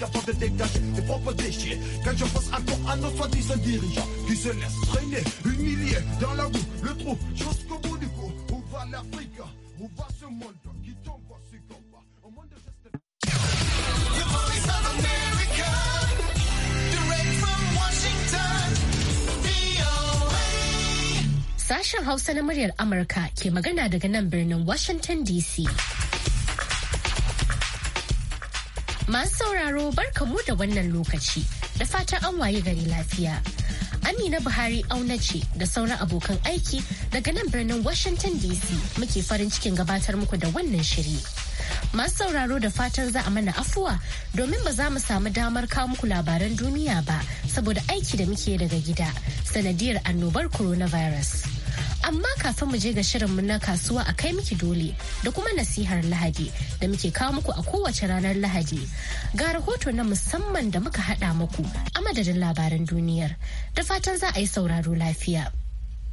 la façon de dégager tes propres déchets. Quand je pense encore à nos soi-disant dirigeants qui se laissent traîner, humiliés dans la boue, le trou, jusqu'au bout du cou. Où va l'Afrique Où va ce monde qui tombe ce combat Au monde de Sashen Hausa na muryar Amurka ke magana daga nan birnin Washington DC. Masu sauraro mu da wannan lokaci da fatan an waye gari lafiya. Amina Buhari auna ce da sauran abokan aiki daga nan birnin Washington DC muke farin cikin gabatar muku da wannan shiri. Masu sauraro da fatan za a mana afuwa domin ba za mu samu damar kawo muku labaran duniya ba saboda aiki da muke daga gida sanadiyar annobar coronavirus. amma kafin mu je ga shirinmu na kasuwa a kai miki dole da kuma nasihar lahadi da muke kawo muku a kowace ranar lahadi ga rahoto na musamman da muka haɗa muku a madadin labaran duniyar da fatan za a yi sauraro lafiya.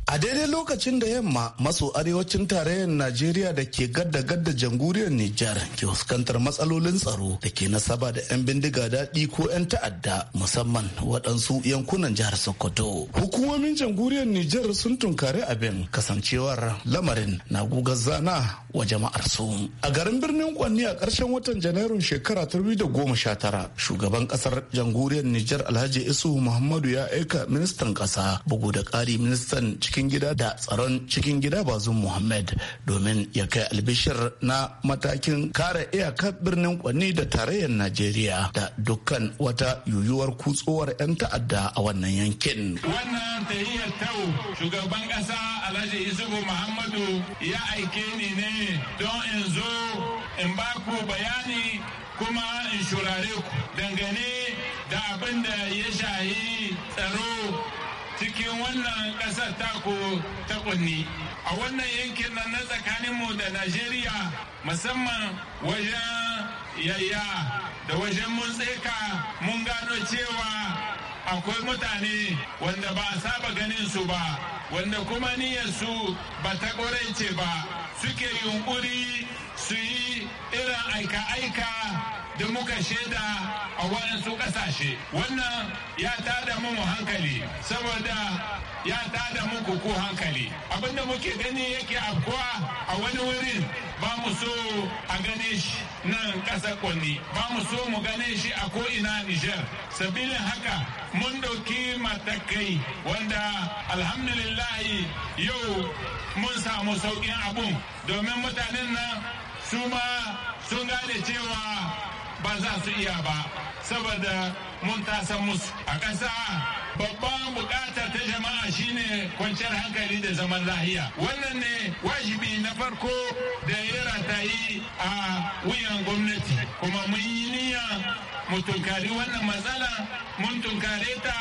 A daidai lokacin da yamma maso arewacin tarayyar Najeriya da ke gadda gadda janguriyar Nijar ke fuskantar matsalolin tsaro da ke nasaba da 'yan bindiga daɗi ko 'yan ta'adda musamman waɗansu yankunan jihar Sokoto. Hukumomin janguriyar Nijar sun tunkari abin kasancewar lamarin na gugar zana wa jama'ar su. A garin birnin Kwanni a ƙarshen watan Janairun shekara ta tara, shugaban ƙasar janguriyar Nijar Alhaji Isu Muhammadu ya aika ministan ƙasa bugu da ƙari ministan cikin cikin gida da tsaron cikin gida bazum muhammad domin ya kai albishir na matakin kare iyakar birnin kwanni da tarayyar najeriya da dukkan wata yuyuwar kutsuwar 'yan ta'adda a wannan yankin wannan tahiyar tau shugaban kasa alhaji isubu muhammadu ya aike ni ne don in zo in ba ku bayani kuma in shurare ku dangane da abin da ya shahi tsaro cikin wannan ta taku ta kunni a wannan yankin nan na tsakaninmu da najeriya musamman wajen yayya da wajen mun tseka mun gano cewa akwai mutane wanda ba a saba ganin su ba wanda kuma niyyar su ba ta ƙorance ba suke yunkuri su yi irin aika-aika Da muka shaida a waɗansu ƙasashe wannan ya tada mu hankali saboda ya tada muku ko hankali abinda muke gani yake afkuwa a wani wurin ba mu so a gane shi nan ƙasa kwanni ba mu so mu gane shi a ko'ina Nijar. Sabilin haka mun ɗauki matakai wanda alhamdulillahi yau mun samu sauƙin abun domin mutanen nan su ma sun gane cewa ba za su iya ba saboda mun tasan musu a ƙasa babban buƙatar ta jama'a shine kwanciyar hankali da zaman lahiya wannan ne wajibi na farko da ya yi a wuyan gwamnati kuma mun yi niyya mu tunkari wannan matsala mun tunkare ta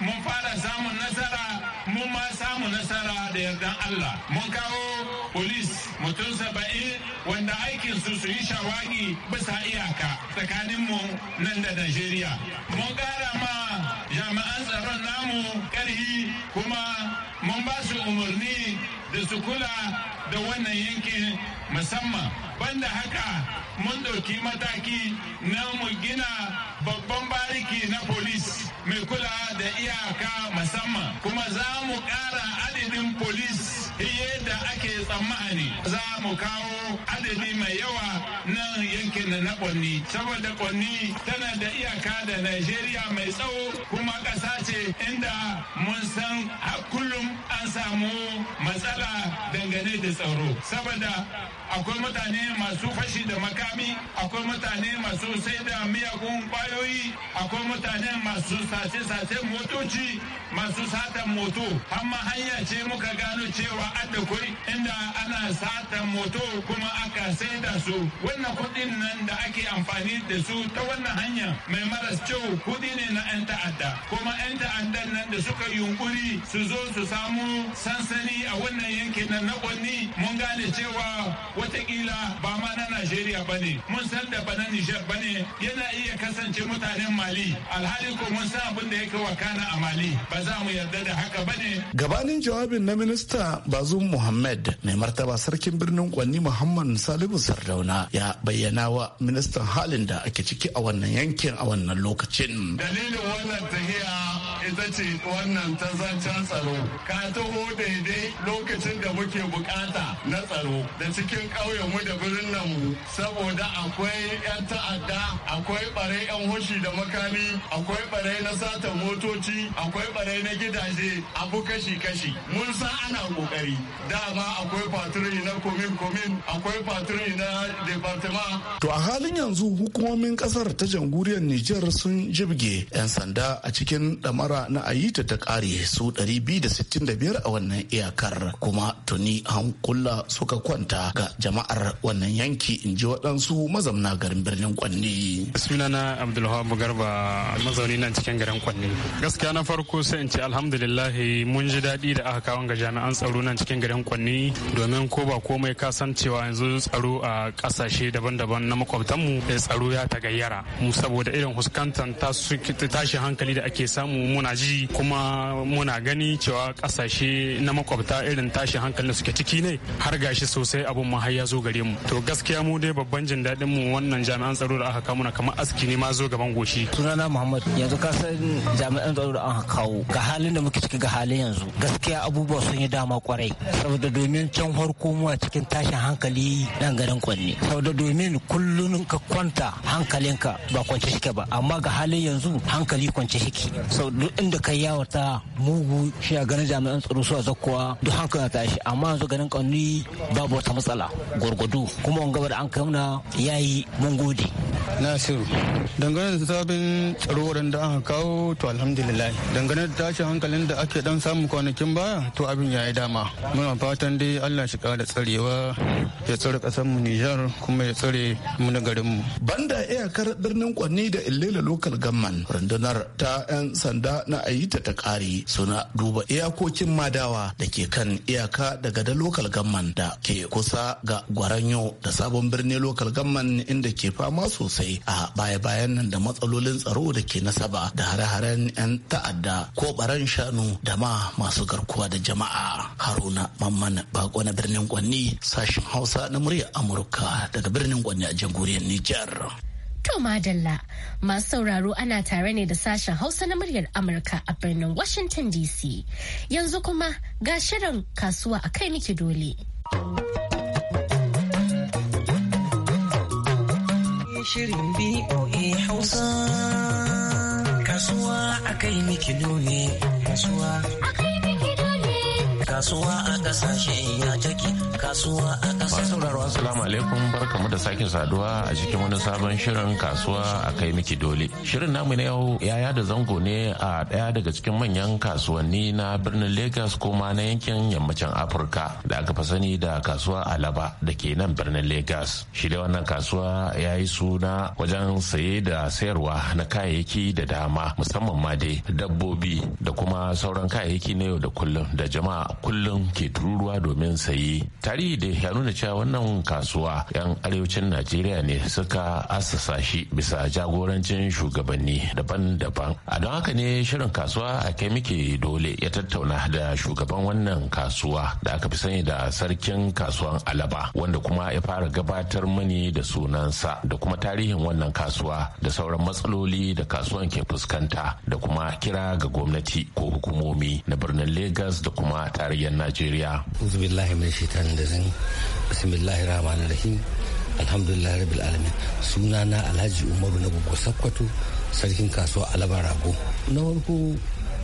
mun fara samun nasara mun ma samu nasara da yardan Allah mun kawo polis mutum saba'in wanda aikin su su yi shawagi bisa iyaka tsakaninmu nan da Najeriya mun kara ma jami'an tsaron ƙasar namu ƙarhi kuma mun ba su umarni da su kula da wannan yankin musamman banda haka mun ɗauki mataki na mu gina babban bariki na polis mai kula da iyaka musamman kuma za mu ƙara adadin polis fiye da ake tsammani za mu kawo adadi mai yawa Kwani saboda Kwani tana da iyaka da Najeriya mai tsawo kuma ƙasa ce inda mun san a kullum an samu matsala dangane da tsaro saboda akwai mutane masu fashi da makami akwai mutane masu sai da miyagun kwayoyi akwai mutane masu sace-sace motoci masu satan moto amma hanya ce muka gano cewa adda kwai inda ana satan moto kuma aka sai da su wannan kuɗin nan da ake ake amfani da su ta wannan hanya mai maras kyau kuɗi ne na 'yan ta'adda kuma 'yan ta'addan nan da suka yunkuri su zo su samu sansani a wannan yanki na nakonni mun gane cewa watakila ba ma na najeriya ba ne mun san da bana nijar ba ne yana iya kasance mutanen mali alhali ko mun san abin da yake wakana a mali ba za mu yarda da haka ba ne gabanin jawabin na minista bazum muhammad mai martaba sarkin birnin kwanni muhammad salihu sardauna ya bayyana wa minista halin da ake ciki a wannan yankin a wannan lokacin. Dalilin wannan tahiya ita ce wannan ta zancen tsaro ka taho daidai lokacin da muke bukata na tsaro da cikin mu da birnin nan mu saboda akwai 'yan ta'adda akwai barai 'yan hushi da makami akwai barai na satan motoci akwai barai na gidaje abu kashi-kashi mun sa ana kokari dama akwai faturi na komin-komin akwai faturi na departement to a halin yanzu hukumomin kasar ta jamhuriyar niger sun jibge 'yan sanda a cikin damara shawara na a ta ta kare su 265 a wannan iyakar kuma tuni hankula suka kwanta ga jama'ar wannan yanki in ji waɗansu mazamna garin birnin kwanne. na abdulhamu garba mazauni nan cikin garin kwanne gaskiya na farko sai in ce alhamdulillahi mun ji daɗi da aka kawo ga jami'an tsaro na cikin garin kwanne domin ko ba komai ka san cewa yanzu tsaro a ƙasashe daban-daban na makwabtanmu eh, tsaro ya tagayyara mu saboda irin huskantar tashi hankali da ake samu muna ji kuma muna gani cewa kasashe na makwabta irin tashin hankali suke ciki ne har gashi sosai abun ma har ya zo gare mu to gaskiya mu dai babban jin daɗin mu wannan jami'an tsaro da aka kawo muna kamar aski ne ma zo gaban goshi sunana muhammad yanzu ka san jami'an tsaro da aka kawo ga halin da muke ciki ga halin yanzu gaskiya abubuwa sun yi dama kwarai saboda domin can farko mu a cikin tashin hankali dan garin kwanne saboda domin kullun ka kwanta hankalinka ba kwance shike ba amma ga halin yanzu hankali kwance shike inda kai yawata mugu shi a ganin jami'an tsaro su a zakkuwa duk hankali tashi amma yanzu ganin kanuni babu wata matsala gwargwado kuma wanga gaba da an ya yi mun gode nasiru dangane da sabin tsaro da aka kawo to alhamdulillah dangane da tashin hankalin da ake dan samun kwanakin baya to abin ya yi dama muna fatan dai Allah shi kara tsarewa ya tsare kasar mu Nijar kuma ya tsare mu na garin mu banda iyakar birnin Kwanni da Illela local government rundunar ta yan sanda na ayita ta kare suna duba iyakokin madawa da ke kan iyaka daga da lokal gamman da ke kusa ga gwaranyo da sabon birni lokal gamman inda ke fama sosai a baya-bayan nan da matsalolin tsaro da ke nasaba da hare-haren 'yan ta'adda ko baran shanu da ma masu garkuwa da jama'a haruna mamman bako na birnin kwanni sashen hausa na murya amurka daga birnin kwanni a jamhuriyar nijar To madalla masu sauraro ana tare ne da sashen Hausa na muryar Amurka a birnin Washington DC. Yanzu kuma ga shirin kasuwa a kai miki dole. Shirin BOA Hausa Kasuwa a miki dole Kasuwa a miki dole Kasuwa a kasashe ya kasuwa a kasar sauraro assalamu alaikum barkamu da sake saduwa a cikin wani sabon shirin kasuwa a kai miki dole shirin namu na yau yaya da zango ne a daya daga cikin manyan kasuwanni na birnin lagos ma na yankin yammacin afirka da aka fi sani da kasuwa alaba da ke nan birnin lagos shi da wannan kasuwa ya yi suna wajen saye da sayarwa na kayayyaki da dama musamman ma dai dabbobi da kuma sauran kayayyaki na yau da kullum da jama'a kullum ke tururuwa domin saye ta tarihi da ya nuna cewa wannan kasuwa 'yan arewacin najeriya ne suka assasa shi bisa jagorancin shugabanni daban-daban a don haka ne shirin kasuwa a kai muke dole ya tattauna da shugaban wannan kasuwa da aka fi sani da sarkin kasuwan alaba wanda kuma ya fara gabatar mani da sunansa da kuma tarihin wannan kasuwa da sauran matsaloli da kasuwan ke fuskanta da kuma kira ga gwamnati ko hukumomi na birnin lagos da kuma tarayyar najeriya da zan yi bismillahir rahmanir rahim alhamdulillah rabbil alamin suna na alhaji umaru na gugu sakkwato sarkin kasuwa alaba rago na farko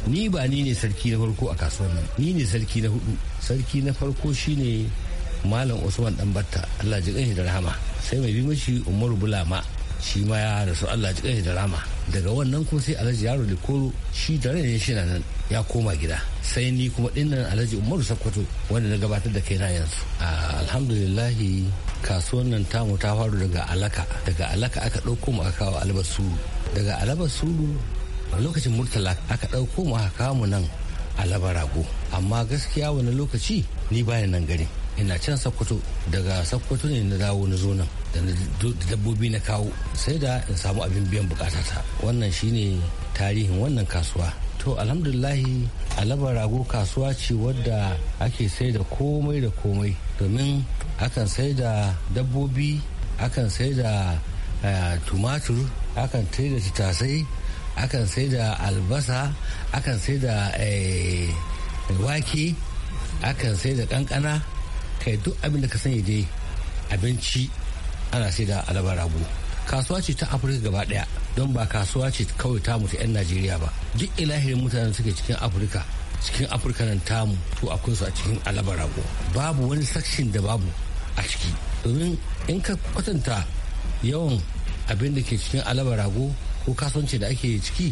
ni ba ni ne sarki na farko a kasuwar nan ni ne sarki na hudu sarki na farko shine malam usman dan batta allah ji da rahama sai mai bi mashi umaru bulama shi ma ya rasu Allah ji kai da rama daga wannan kuma sai alhaji yaro da koro shi da rai shi na nan ya koma gida sai ni kuma dinnan alhaji umaru sakkwato wanda na gabatar da kai na yanzu alhamdulillah kasuwan nan tamu ta faru daga alaka daga alaka aka ɗauko mu aka kawo albasuru daga albasuru a lokacin murtala aka ɗauko mu aka kawo mu nan alaba rago amma gaskiya wani lokaci ni bayan nan garin ina can sakkwato daga sakkwato ne na dawo na zo nan da dabbobi na kawo sai da in samu abin biyan bukatata wannan shine tarihin wannan kasuwa to alhamdulillahi alabar rago kasuwa ce wadda ake sai da komai da komai domin akan sai da dabbobi akan sai da eh, tumatur akan sai da tattasai akan sai da albasa akan sai da eh, wake akan sai da kankana kai duk abin da ka sani dai abinci ana sai da alabar rago kasuwa ce ta afirka gaba daya don ba kasuwa ce kawai tamu ta 'yan najeriya ba duk ilahirin mutanen suke cikin afirka cikin afirka nan tamu to akwai su a cikin alabar rago babu wani sakshin da babu a ciki domin in ka kwatanta yawan abin da ke cikin alabar rago ko kasuwanci da ake ciki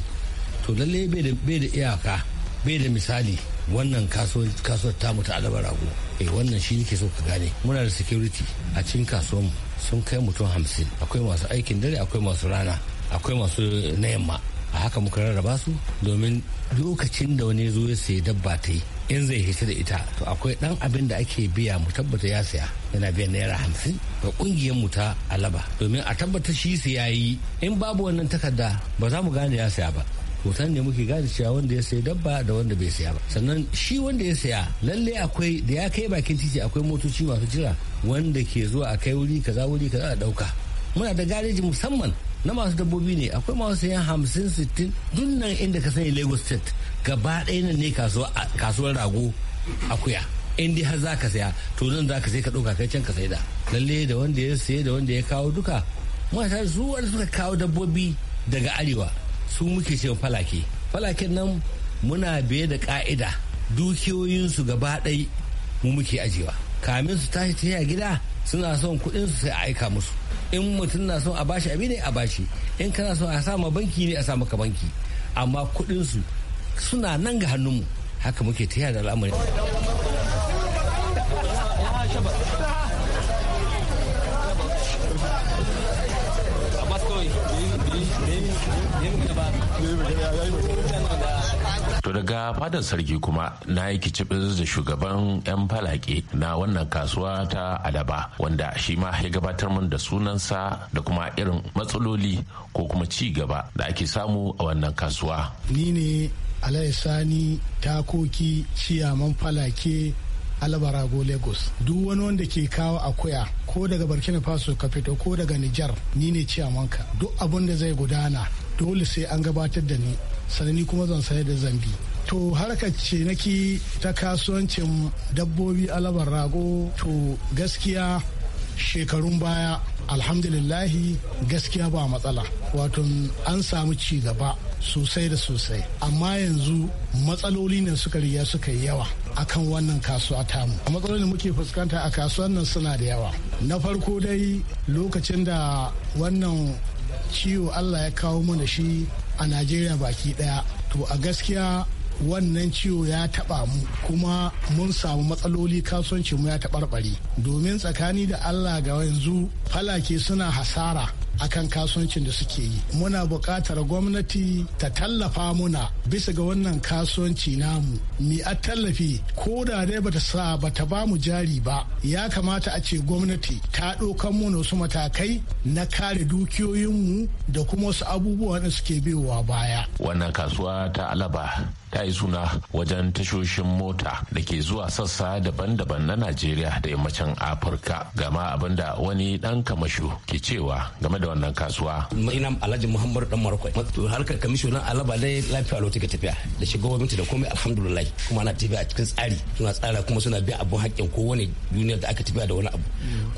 to lallai bai da iyaka bai da misali wannan kasuwar mutu ta alaba rago eh wannan shi nake so ka gane muna da security a cikin kasuwar mu sun kai mutum hamsin akwai masu aikin dare akwai masu rana akwai masu na yamma a haka muka rarraba su domin lokacin da wani zo ya sayi dabba ta yi in zai hita da ita to akwai dan abin da ake biya mu tabbata ya saya yana biyan naira hamsin ga kungiyar mu ta alaba domin a tabbata shi su yayi in babu wannan takarda ba za mu gane ya saya ba hoton ne muke gane cewa wanda ya sayi dabba da wanda bai saya ba sannan shi wanda ya saya lalle akwai da ya kai bakin titi akwai motoci masu jira wanda ke zuwa a kai wuri kaza wuri kaza a dauka muna da gareji musamman na masu dabbobi ne akwai masu sayan hamsin sittin duk nan inda ka sani lagos state gaba ɗaya nan ne kasuwar rago akuya in dai har za ka saya to nan za ka sai ka ɗauka kai can ka saida da lalle da wanda ya saye da wanda ya kawo duka mata su wanda suka kawo dabbobi daga arewa su muke cewa falake falaken nan muna biye da ka'ida dukiyoyinsu gaba ɗai mu muke ajiyewa kamin su tashi tafiya gida suna son kuɗin su sai a aika musu in mutum na son a bashi abi ne a bashi in kana son a sama banki ne a sa maka banki amma kuɗin su suna nan ga mu haka muke tafiya da al'amari To daga fadar sarki kuma na yi kicibis da shugaban 'yan falaƙe na wannan kasuwa ta alaba wanda shi ma ya gabatar min da sunansa da kuma irin matsaloli ko kuma ci gaba da ake samu a wannan kasuwa. Ni ne Alayi Sani takoki ciyaman falake alabarago lagos duk wani wanda ke kawo akuya ko daga burkina faso ka fito ko daga nijar ni ne ciyamanka duk abin da zai gudana dole sai an gabatar da ni sanani kuma zan sayar da zambi to harkar cenaki ta kasuwancin dabbobi alabar rago to gaskiya shekarun baya alhamdulillahi gaskiya ba matsala wato an samu ci gaba sosai da sosai amma yanzu matsaloli ne suka riya suka yi yawa akan wannan kasuwa tamu matsalolin da muke fuskanta a kasuwan nan suna da yawa na farko dai lokacin da wannan ciwo allah ya kawo mana shi a najeriya baki daya to a gaskiya wannan ciwo ya taɓa mu kuma mun samu matsaloli kasuwanci mu ya taɓarɓare domin tsakani da allah ga yanzu falake suna hasara akan kasuwancin da suke yi muna buƙatar gwamnati ta tallafa muna bisa ga wannan kasuwanci namu mi a tallafi ko da dai bata sa bata ba mu jari ba ya kamata a ce gwamnati ta ɗaukan mu wasu matakai na kare dukiyoyinmu da kuma wasu abubuwa da suke biyowa baya wannan kasuwa ta alaba ta yi suna wajen tashoshin mota da ke zuwa sassa daban-daban na najeriya da yammacin afirka gama abinda wani ɗan kamashu ke cewa game da da wannan kasuwa. Ina Alhaji Muhammadu Dan Marakwai. To harkar kamishonan Alaba dai lafiya lau take tafiya da gwamnati da komai alhamdulillah kuma ana tafiya a cikin tsari suna tsara kuma suna biya abun haƙƙin kowane duniya da aka tafiya da wani abu.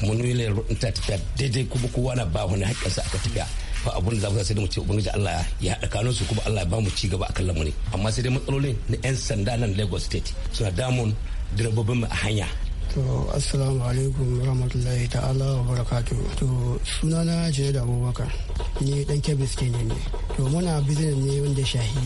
Kuma nuna ta tafiya daidai kuma kowa na ba wani sa aka tafiya. Fa abun da za mu sai da mu ce ubangiji Allah ya haɗa kanun su kuma Allah ya ba mu ci gaba akan lamuni. amma sai dai matsalolin na 'yan sanda nan Lagos State suna damun direbobin mu a hanya to assalamu alaikum rahmatullahi ta'ala wa barakatu to sunana jire da abubakar ni dan kebis ke ne to muna business ne wanda shahi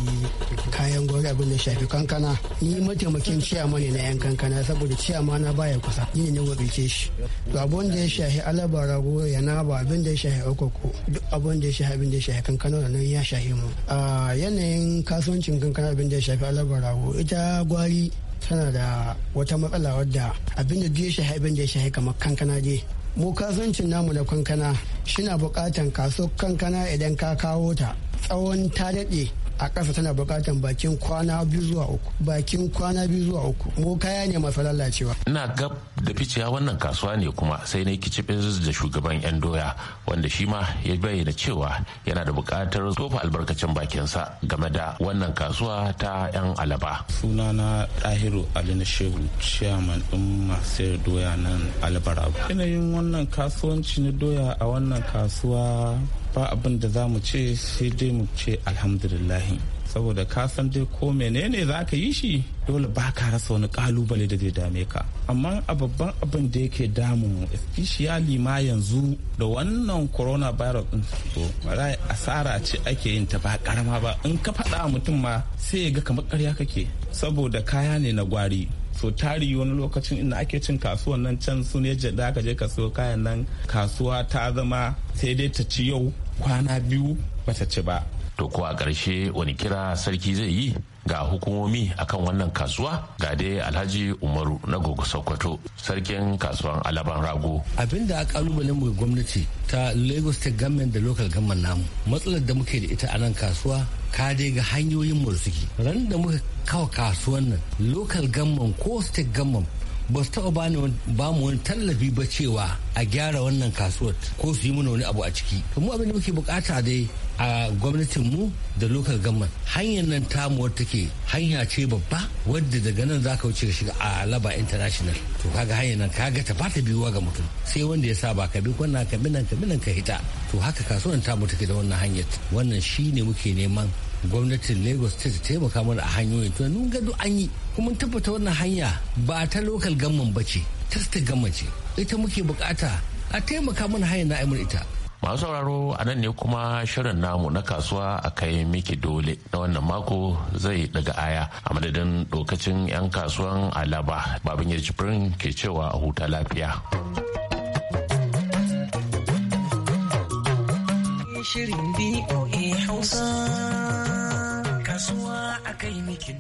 kayan gwari abin da shafi kankana ni mataimakin ciyama ne na yan kankana saboda ciyama na baya kusa ni ne wakilce shi to abin da ya shahi alaba rago ya na ba abin da ya shahi okoko duk abin da ya shahi abin da ya shahi kankana da nan ya shahi mu a yanayin kasuwancin kankana abin da ya shafi alaba rago ita gwari tana da wata matsala wadda abin da ya shahai abin da ya shahai kamar kankana je mu kasancin namu na kankana shina bukatan kaso kankana idan ka kawo ta tsawon ta daɗe a ƙasa tana buƙatar bakin kwana biyu zuwa uku bakin kwana biyu zuwa uku mu kaya ne masu lalacewa. ina gab da ficiya wannan kasuwa ne kuma sai na kicibin da shugaban yan doya wanda shi ma ya bayyana cewa yana da buƙatar tofa albarkacin bakinsa game da wannan kasuwa ta yan alaba. sunana ɗahiru alina shehu ciyaman ɗin masu doya nan albarab. yanayin wannan kasuwanci na doya a wannan kasuwa ba abin da za mu ce sai dai mu ce lillahi saboda ka san dai ko menene za ka yi shi dole ba ka rasa wani kalubale da zai dame ka amma a babban abin da yake damu especially ma yanzu da wannan coronavirus din to rai asara ce ake yin ta ba karama ba in ka faɗa mutum ma sai ya ga kamar ƙarya kake saboda kaya ne na gwari so tari wani lokacin inda ake cin kasuwan nan can su ne da ka je ka siyo kayan nan kasuwa ta zama sai dai ta ci yau kwana biyu bata ci ba to ko a ƙarshe wani kira sarki zai yi ga hukumomi akan wannan kasuwa ga dai alhaji umaru na gogo sokoto sarkin kasuwan alaban rago abin da kalubalen mu gwamnati ta lagos state government da local government namu matsalar da muke da ita a nan kasuwa ka dai ga hanyoyin mu ran da muka kawo kasuwan nan local government ko state government ba su taɓa ba mu wani tallafi ba cewa a gyara wannan kasuwar ko su yi mana wani abu a ciki to mu abin da muke bukata dai a mu da lokal government hanyar nan tamu take hanya ce babba wadda daga nan za ka wuce shiga a alaba international to kaga hanyar nan kaga ta ba ta biyuwa ga mutum sai wanda ya saba ka bi kwanna ka bi nan ka bi nan ka hita to haka kasuwan tamu take da wannan hanyar wannan shi ne muke neman gwamnatin lagos ta taimaka mana a hanyoyin to nun gado an yi kuma tabbata wannan hanya ba ta lokal gamman ba ce ta gamman ce ita muke bukata a taimaka mana hanyar na ita masu sauraro a nan ne kuma shirin namu na kasuwa a kai miki dole na wannan mako zai daga aya a madadin lokacin 'yan kasuwan alaba babin yarjibirin ke cewa a huta lafiya shirin BOA Hausa kasuwa a kai miki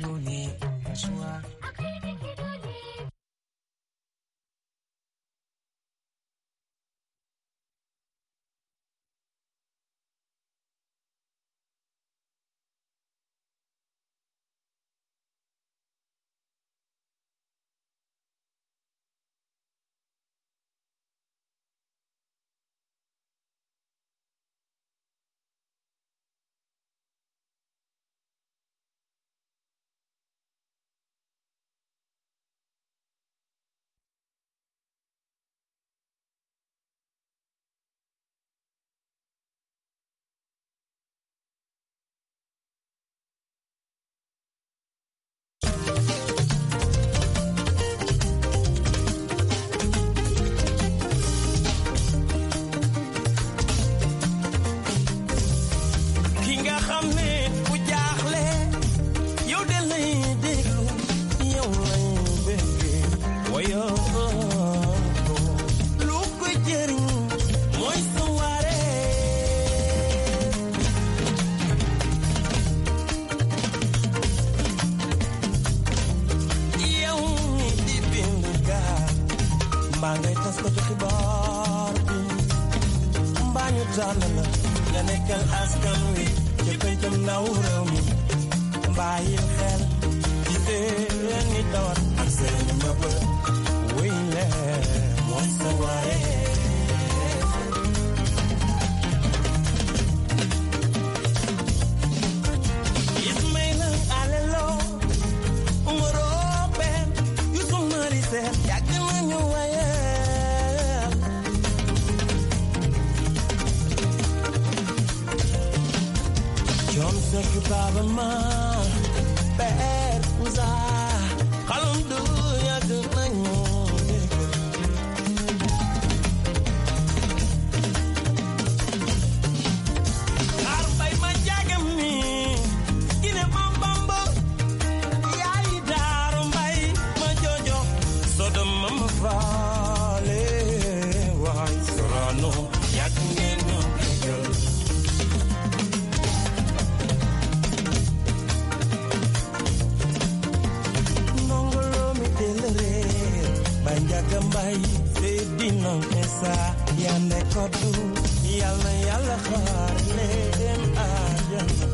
yàlla yàlla khar leen àjjana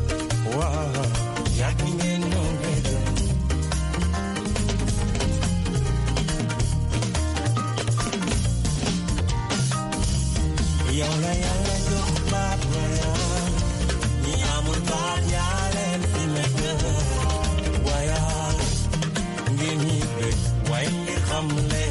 waaw yàgg ngeen ñoo yàlla jox baat ba ñi amul baat leen fi nekk waaye ngeen ñi xam leen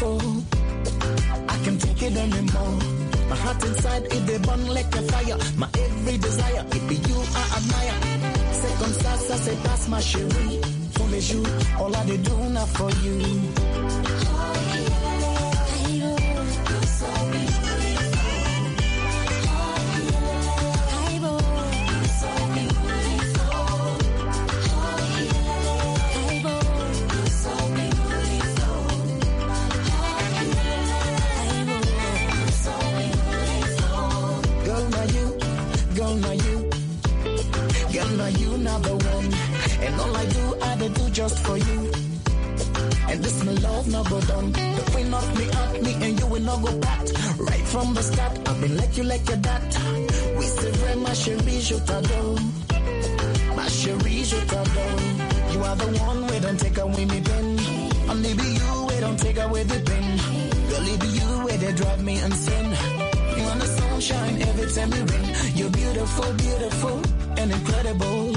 before. I can take it anymore. My heart inside it they burn like a fire. My every desire it be you I admire. Circumstances say pass my cherie. Foolish you, all I do now for you. one. And all I do, I they do just for you. And this my love never go done. The queen of me at me and you will not go back. Right from the start, I've been like you like your dad. We still very my chérie, je t'adore. My chérie, je t'adore. You are the one we don't take away me pen. Only be you we don't take away the pain. Girl, it be you where they drive me insane. You are the sunshine every time you rain. You're beautiful, beautiful and incredible.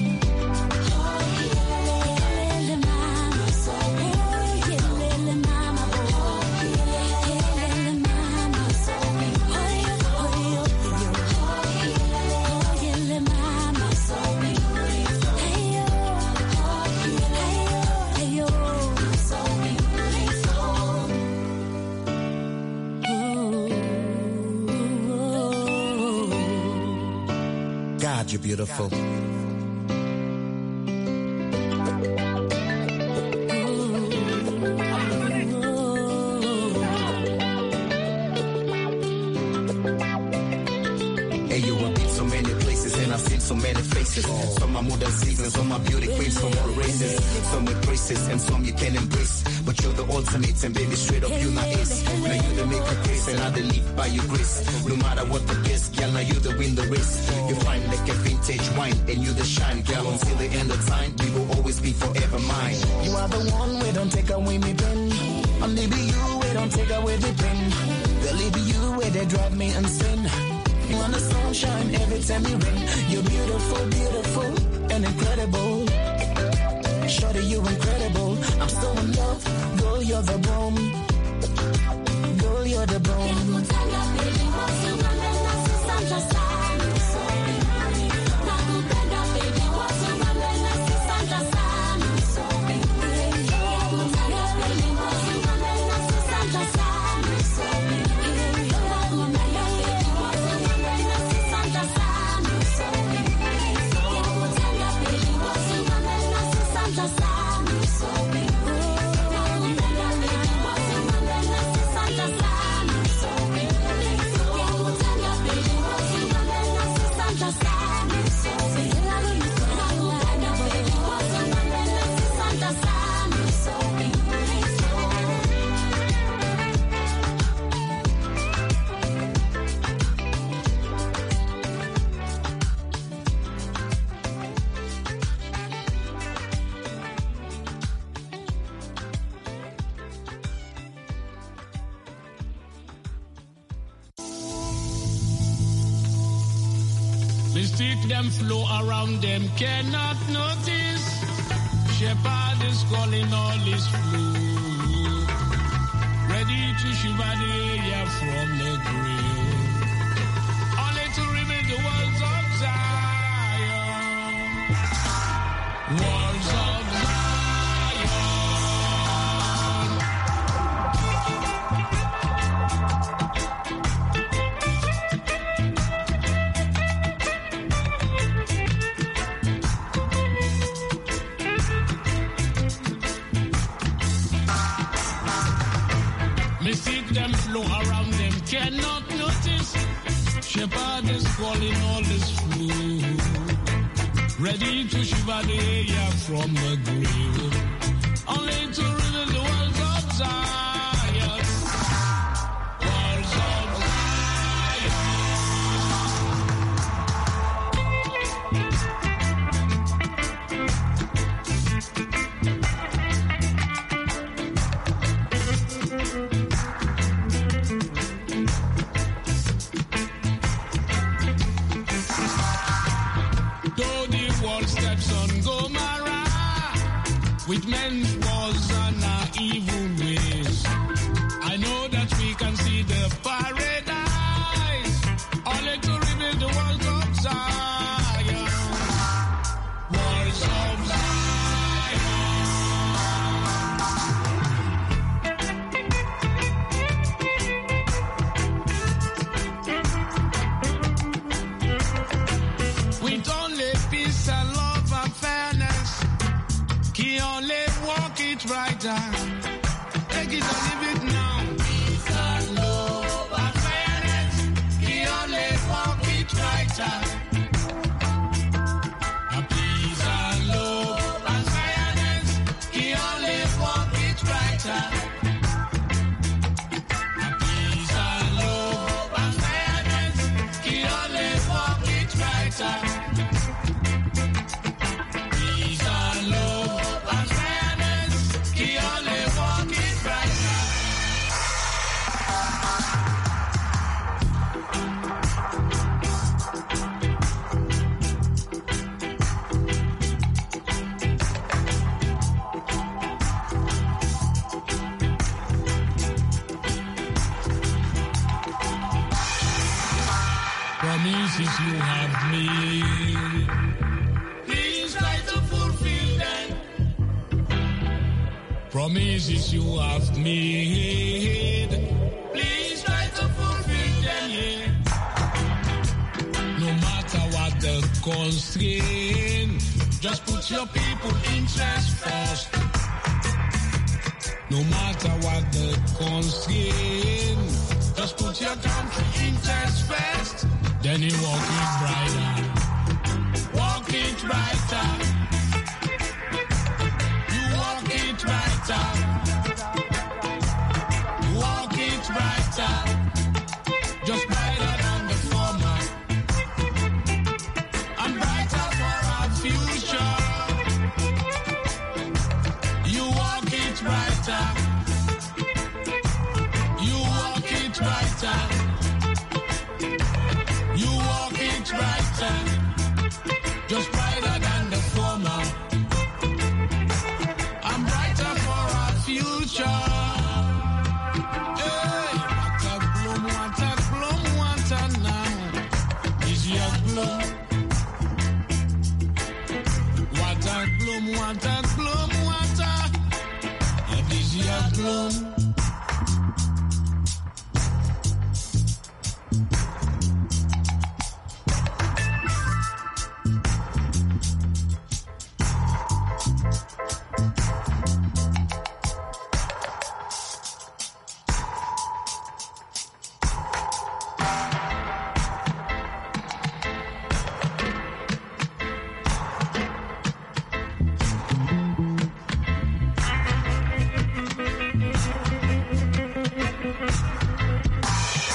beautiful. so many faces. Some are more than seasons, some are beauty queens some all races. Some with braces and some you can embrace. But you're the ultimate, and baby, straight up, you my ace. Now you the make a case, and I the lead by your grace. No matter what the best, girl, now you the win the race. You fine like a vintage wine, and you the shine, girl. Until the end of time, you will always be forever mine. You are the one, we don't take away me pen. Only be you, we don't take away the pain. they leave you where they drive me insane. You want the sunshine every time you rain. You're beautiful, beautiful, and incredible. Shorty, you incredible. I'm still in love. Girl, you're the bomb. Girl, you're the bomb. Mistake them flow around them, cannot notice. Shepherd is calling all his flow. Ready to shiver the air from the grave. flow around them cannot notice. Shepherd is calling all his flow. Ready to shiver the air from the grave. Only to riddle the world's outside. Promises you have made, please try to fulfill them, No matter what the constraint, just put your people interest first. No matter what the constraint, just put your country interest first. Then you walk it brighter, walk it brighter much better.